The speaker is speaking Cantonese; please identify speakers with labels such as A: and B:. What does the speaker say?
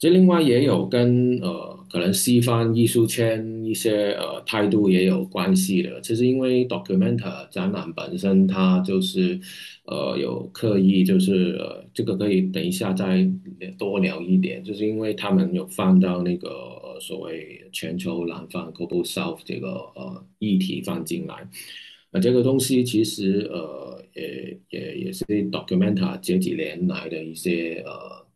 A: 即另外也有跟，呃，可能西方藝術圈一些，呃，態度也有關係的。其實因為 documenta 展覽本身，它就是，呃，有刻意，就是、呃，這個可以等一下再多聊一點。就是因為他們有放到那個所謂全球南方 g o b a l south） 這個，呃，議題放進來，啊、呃，這個東西其實，呃，也也也是 documenta 幾，幾年來的一些，呃。